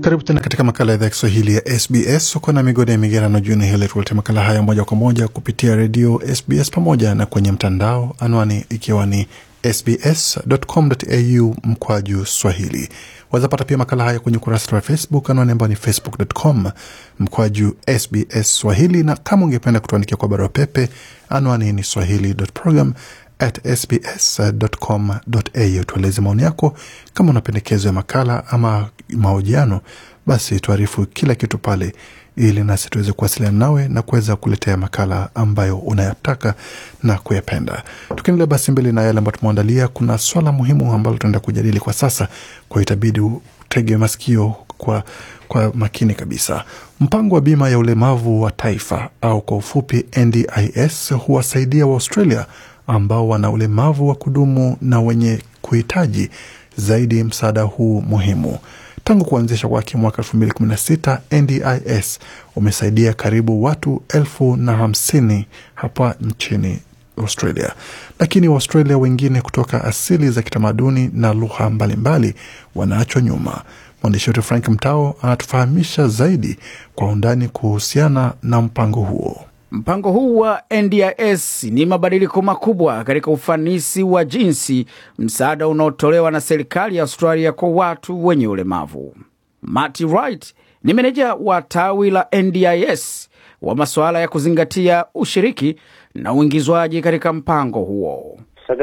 Karibu tena katika makala ya idhaa ya Kiswahili ya SBS. Uko na migodi ya migerano juni hili, tukulete makala haya moja kwa moja kupitia redio SBS pamoja na kwenye mtandao, anwani ikiwa ni sbs.com.au mkwaju swahili. Wazapata pia makala haya kwenye ukurasa wa Facebook, anwani ambayo ni facebook.com mkwaju sbs swahili, na kama ungependa kutuandikia kwa barua pepe, anwani ni swahili.program at sbs.com.au. Tueleze maoni yako, kama una pendekezo ya makala ama mahojiano, basi tuarifu kila kitu pale, ili nasi tuweze kuwasiliana nawe na kuweza kuletea makala ambayo unayataka na kuyapenda. Tukiendelea basi mbele na yale ambayo tumeandalia, kuna swala muhimu ambalo tunaenda kujadili kwa sasa, kwa itabidi utege masikio kwa, kwa makini kabisa. Mpango wa bima ya ulemavu wa taifa au kwa ufupi NDIS huwasaidia Waaustralia ambao wana ulemavu wa kudumu na wenye kuhitaji zaidi msaada huu muhimu. Tangu kuanzisha kwake mwaka 2016 NDIS umesaidia karibu watu elfu na hamsini hapa nchini Australia. Lakini Waaustralia wengine kutoka asili za kitamaduni na lugha mbalimbali wanaachwa nyuma. Mwandishi wetu Frank Mtao anatufahamisha zaidi kwa undani kuhusiana na mpango huo. Mpango huu wa NDIS ni mabadiliko makubwa katika ufanisi wa jinsi msaada unaotolewa na serikali ya Australia kwa watu wenye ulemavu. Marty Wright ni meneja wa tawi la NDIS wa masuala ya kuzingatia ushiriki na uingizwaji katika mpango huo. So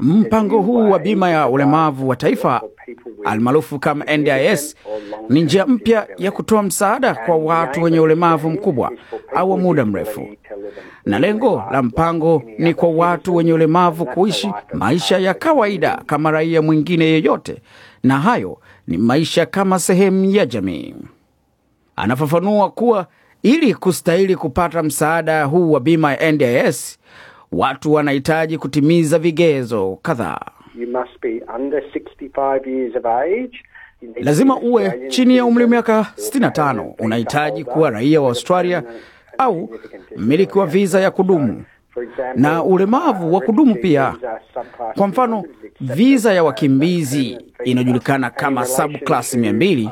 mpango huu wa bima ya ulemavu wa taifa almaarufu kama NDIS ni njia mpya ya kutoa msaada kwa watu wenye ulemavu mkubwa au wa muda mrefu, na lengo la mpango ni kwa watu wenye ulemavu kuishi maisha ya kawaida kama raia mwingine yeyote, na hayo ni maisha kama sehemu ya jamii. Anafafanua kuwa ili kustahili kupata msaada huu wa bima ya NDIS, watu wanahitaji kutimiza vigezo kadhaa. Lazima uwe chini ya umri miaka 65, unahitaji kuwa raia wa Australia au mmiliki wa viza ya kudumu na ulemavu wa kudumu pia. Kwa mfano, viza ya wakimbizi inayojulikana kama subclass 200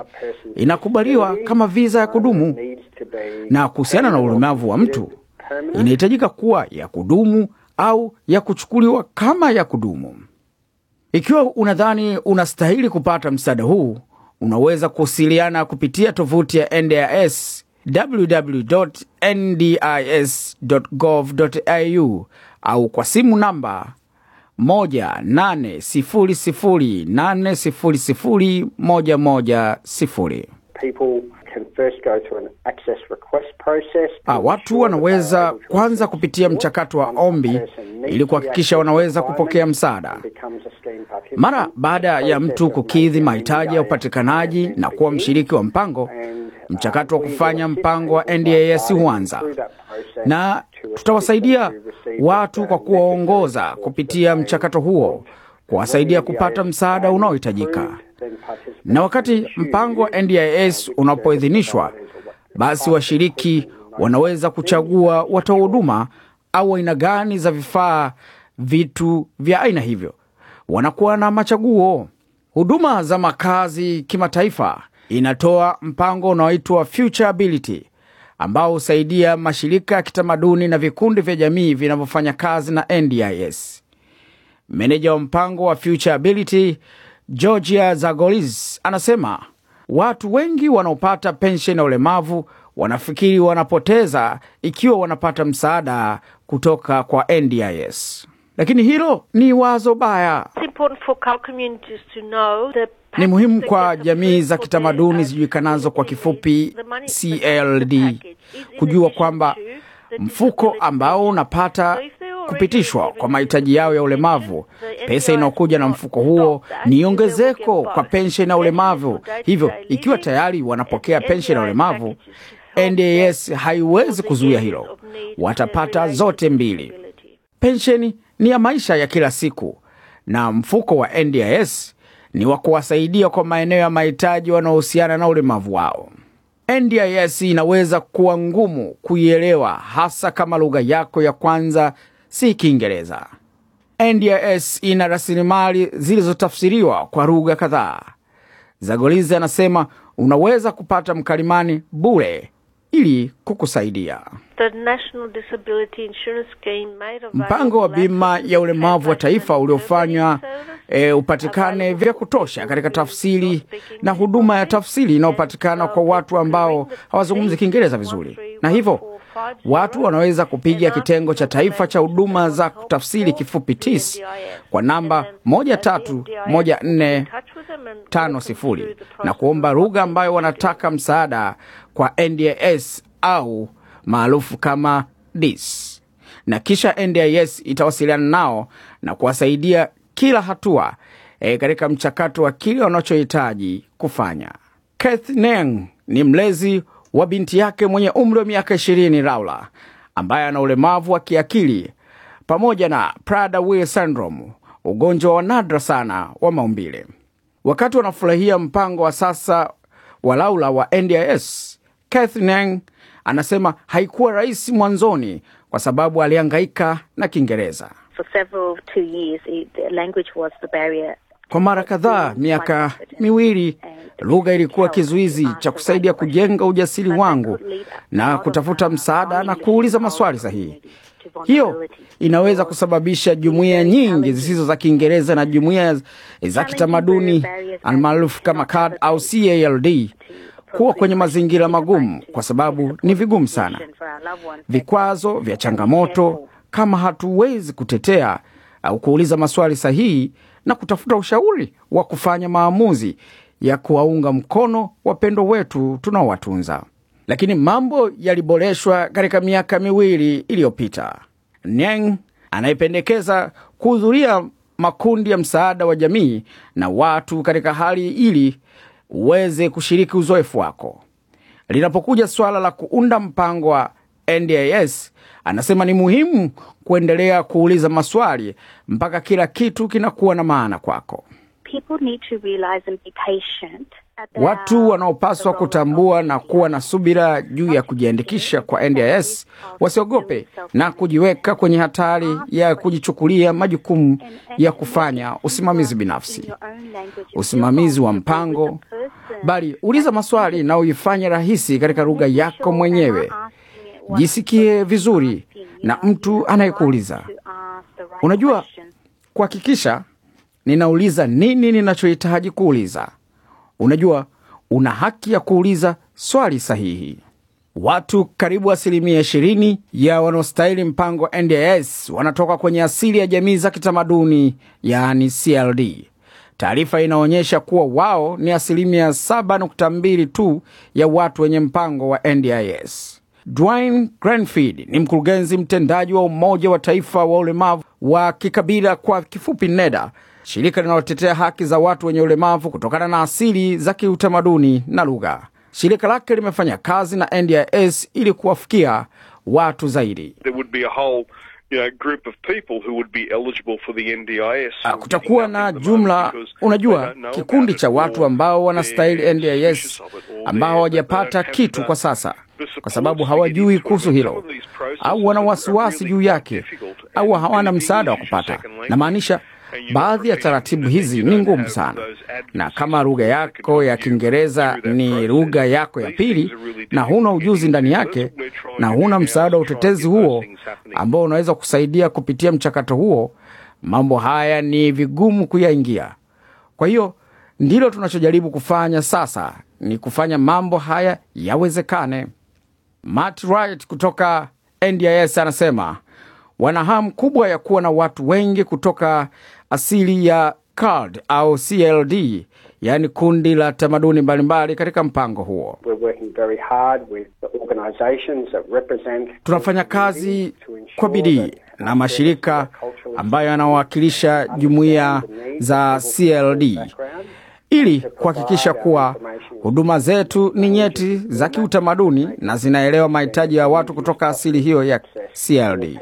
inakubaliwa kama viza ya kudumu, na kuhusiana na ulemavu wa mtu inahitajika kuwa ya kudumu au ya kuchukuliwa kama ya kudumu. Ikiwa unadhani unastahili kupata msaada huu, unaweza kuwasiliana kupitia tovuti ya NDIS www.ndis.gov.au au kwa simu namba 1800800110. Ah, watu wanaweza kwanza kupitia mchakato wa ombi ili kuhakikisha wanaweza kupokea msaada. Mara baada ya mtu kukidhi mahitaji ya upatikanaji na kuwa mshiriki wa mpango, Mchakato wa kufanya mpango wa NDIS huanza na tutawasaidia watu kwa kuwaongoza kupitia mchakato huo, kuwasaidia kupata msaada unaohitajika. Na wakati mpango wa NDIS unapoidhinishwa, basi washiriki wanaweza kuchagua watoa huduma au aina gani za vifaa, vitu vya aina hivyo. Wanakuwa na machaguo. Huduma za makazi kimataifa inatoa mpango unaoitwa futureability Ability ambao husaidia mashirika ya kitamaduni na vikundi vya jamii vinavyofanya kazi na NDIS. Meneja wa mpango wa futureability Ability Georgia Zagolis anasema watu wengi wanaopata pensheni ya ulemavu wanafikiri wanapoteza ikiwa wanapata msaada kutoka kwa NDIS, lakini hilo ni wazo baya ni muhimu kwa jamii za kitamaduni zijulikanazo kwa kifupi CLD kujua kwamba mfuko ambao unapata kupitishwa kwa mahitaji yao ya ulemavu, pesa inayokuja na mfuko huo ni ongezeko kwa pensheni ya ulemavu. Hivyo ikiwa tayari wanapokea pensheni ya ulemavu, NDIS haiwezi kuzuia hilo, watapata zote mbili. Pensheni ni ya maisha ya kila siku na mfuko wa NDIS ni wa kuwasaidia kwa maeneo ya mahitaji wanaohusiana na ulemavu wao. NDIS inaweza kuwa ngumu kuielewa hasa kama lugha yako ya kwanza si Kiingereza. NDIS ina rasilimali zilizotafsiriwa kwa lugha kadhaa. Zagolizi anasema unaweza kupata mkalimani bure ili kukusaidia. Mpango wa bima ya ulemavu wa taifa uliofanywa e, upatikane vya kutosha katika tafsiri na huduma ya tafsiri inayopatikana kwa watu ambao hawazungumzi Kiingereza vizuri, na hivyo watu wanaweza kupiga kitengo cha taifa cha huduma za tafsiri kifupi TIS kwa namba 131450 na kuomba lugha ambayo wanataka msaada kwa NDIS au maarufu kama DIS, na kisha NDIS itawasiliana nao na kuwasaidia kila hatua e, katika mchakato wa kile wanachohitaji kufanya. Keith Neng ni mlezi wa binti yake mwenye umri wa miaka ishirini raula ambaye ana ulemavu wa kiakili pamoja na prada will syndrom ugonjwa wa nadra sana wa maumbile. Wakati wanafurahia mpango wa sasa wa laula wa NDIS, Keith anasema haikuwa rahisi mwanzoni kwa sababu aliangaika na Kiingereza. Kwa mara kadhaa, miaka miwili, lugha ilikuwa kizuizi cha kusaidia kujenga ujasiri wangu na kutafuta msaada na kuuliza maswali sahihi. Hiyo inaweza kusababisha jumuiya nyingi zisizo za Kiingereza na jumuiya za kitamaduni almaarufu kama CAD au CALD kuwa kwenye mazingira magumu, kwa sababu ni vigumu sana, vikwazo vya changamoto, kama hatuwezi kutetea au kuuliza maswali sahihi na kutafuta ushauri wa kufanya maamuzi ya kuwaunga mkono wapendo wetu tunaowatunza. Lakini mambo yaliboreshwa katika miaka miwili iliyopita. Nyeng anayependekeza kuhudhuria makundi ya msaada wa jamii na watu katika hali ili uweze kushiriki uzoefu wako. Linapokuja swala la kuunda mpango wa NDIS, anasema ni muhimu kuendelea kuuliza maswali mpaka kila kitu kinakuwa na maana kwako. Watu wanaopaswa kutambua na kuwa na subira juu ya kujiandikisha kwa NDIS wasiogope na kujiweka kwenye hatari ya kujichukulia majukumu ya kufanya usimamizi binafsi, usimamizi wa mpango bali uliza maswali na uifanye rahisi katika lugha yako mwenyewe. Jisikie vizuri na mtu anayekuuliza. Unajua, kuhakikisha ninauliza nini ninachohitaji kuuliza. Unajua, una haki ya kuuliza swali sahihi. Watu karibu asilimia ishirini ya wanaostahili mpango NDIS wanatoka kwenye asili ya jamii za kitamaduni, yaani CLD. Taarifa inaonyesha kuwa wao ni asilimia 7.2 tu ya watu wenye mpango wa NDIS. Dwayne Grenfield ni mkurugenzi mtendaji wa Umoja wa Taifa wa ulemavu wa kikabila kwa kifupi NEDA, shirika linalotetea haki za watu wenye ulemavu kutokana na asili za kiutamaduni na lugha. Shirika lake limefanya kazi na NDIS ili kuwafikia watu zaidi. There would be a whole group of people who would be eligible for the NDIS. Ah, kutakuwa na jumla, unajua, kikundi cha watu ambao wanastahili NDIS ambao hawajapata kitu kwa sasa, kwa sababu hawajui kuhusu hilo au wana wasiwasi juu yake au hawana msaada wa kupata, namaanisha Baadhi ya taratibu hizi ni ngumu sana, na kama lugha yako ya Kiingereza ni lugha yako ya pili na huna ujuzi ndani yake na huna msaada wa utetezi huo ambao unaweza kusaidia kupitia mchakato huo, mambo haya ni vigumu kuyaingia. Kwa hiyo ndilo tunachojaribu kufanya sasa, ni kufanya mambo haya yawezekane. Matt Wright kutoka NDIS anasema wana hamu kubwa ya kuwa na watu wengi kutoka asili ya CALD au CLD, yaani kundi la tamaduni mbalimbali katika mpango huo. Tunafanya kazi kwa bidii na mashirika ambayo yanawakilisha jumuiya za CLD ili kuhakikisha kuwa huduma zetu ni nyeti za kiutamaduni na zinaelewa mahitaji ya watu kutoka asili hiyo ya CLD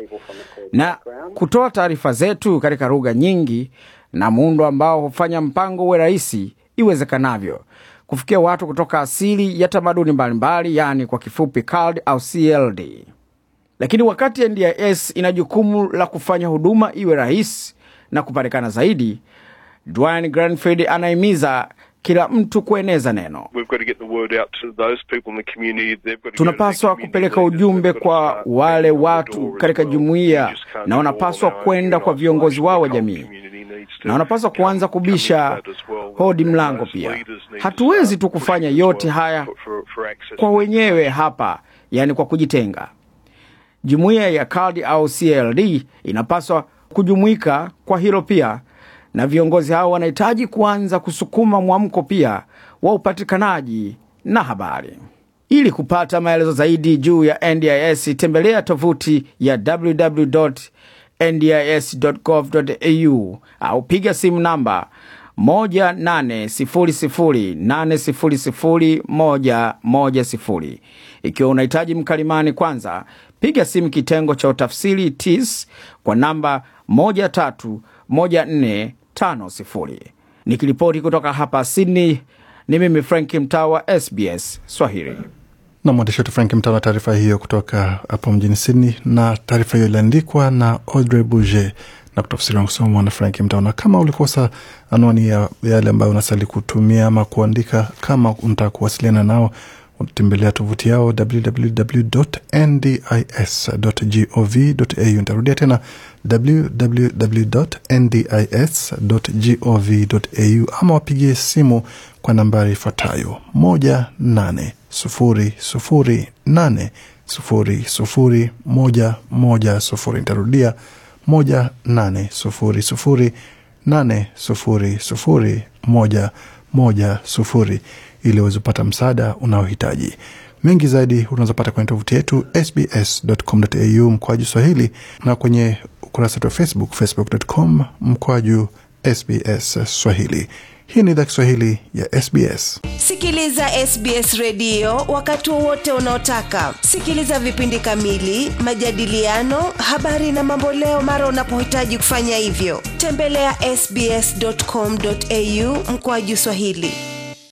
na kutoa taarifa zetu katika lugha nyingi na muundo ambao hufanya mpango uwe rahisi iwezekanavyo kufikia watu kutoka asili ya tamaduni mbalimbali, yaani kwa kifupi CLD au CLD. Lakini wakati NDIS ina jukumu la kufanya huduma iwe rahisi na kupatikana zaidi, Dwayne Granfield anaimiza kila mtu kueneza neno. Tunapaswa kupeleka ujumbe kwa wale watu katika jumuiya, na wanapaswa kwenda kwa viongozi wao wa jamii, na wanapaswa kuanza kubisha hodi mlango. Pia hatuwezi tu kufanya yote haya kwa wenyewe hapa, yani kwa kujitenga. Jumuiya ya CALD au CLD inapaswa kujumuika kwa hilo pia na viongozi hao wanahitaji kuanza kusukuma mwamko pia wa upatikanaji na habari. Ili kupata maelezo zaidi juu ya NDIS tembelea tovuti ya www.ndis.gov.au au piga simu namba 1800800110. Ikiwa unahitaji mkalimani kwanza, piga simu kitengo cha utafsiri TIS kwa namba 1314 ni Nikiripoti kutoka hapa Sydney, ni mimi Frank Mtawa, SBS Swahili. Na mwandishi wetu Frank Mtawa, taarifa hiyo kutoka hapo mjini Sydney. Na taarifa hiyo iliandikwa na Audrey buge na kutafsiriwa kusomwa na Frank Mtawa. Na kama ulikosa anwani ya yale ambayo unastahili kutumia ama kuandika, kama unataka kuwasiliana nao tembelea tovuti yao www.ndis.gov.au. Nitarudia tena www.ndis.gov.au, ama wapigie simu kwa nambari ifuatayo moja nane sufuri sufuri nane sufuri sufuri moja moja sufuri. Nitarudia moja nane sufuri sufuri nane sufuri sufuri moja moja sufuri ili uweze kupata msaada unaohitaji. Mengi zaidi unaweza pata kwenye tovuti yetu sbs.com.au mkoaju Swahili na kwenye ukurasa wetu wa Facebook, facebook.com mkoaju SBS Swahili. Hii ni idhaa Kiswahili ya SBS. Sikiliza SBS redio wakati wowote unaotaka. Sikiliza vipindi kamili, majadiliano, habari na mamboleo mara unapohitaji kufanya hivyo. Tembelea ya sbs.com.au mkoaju Swahili.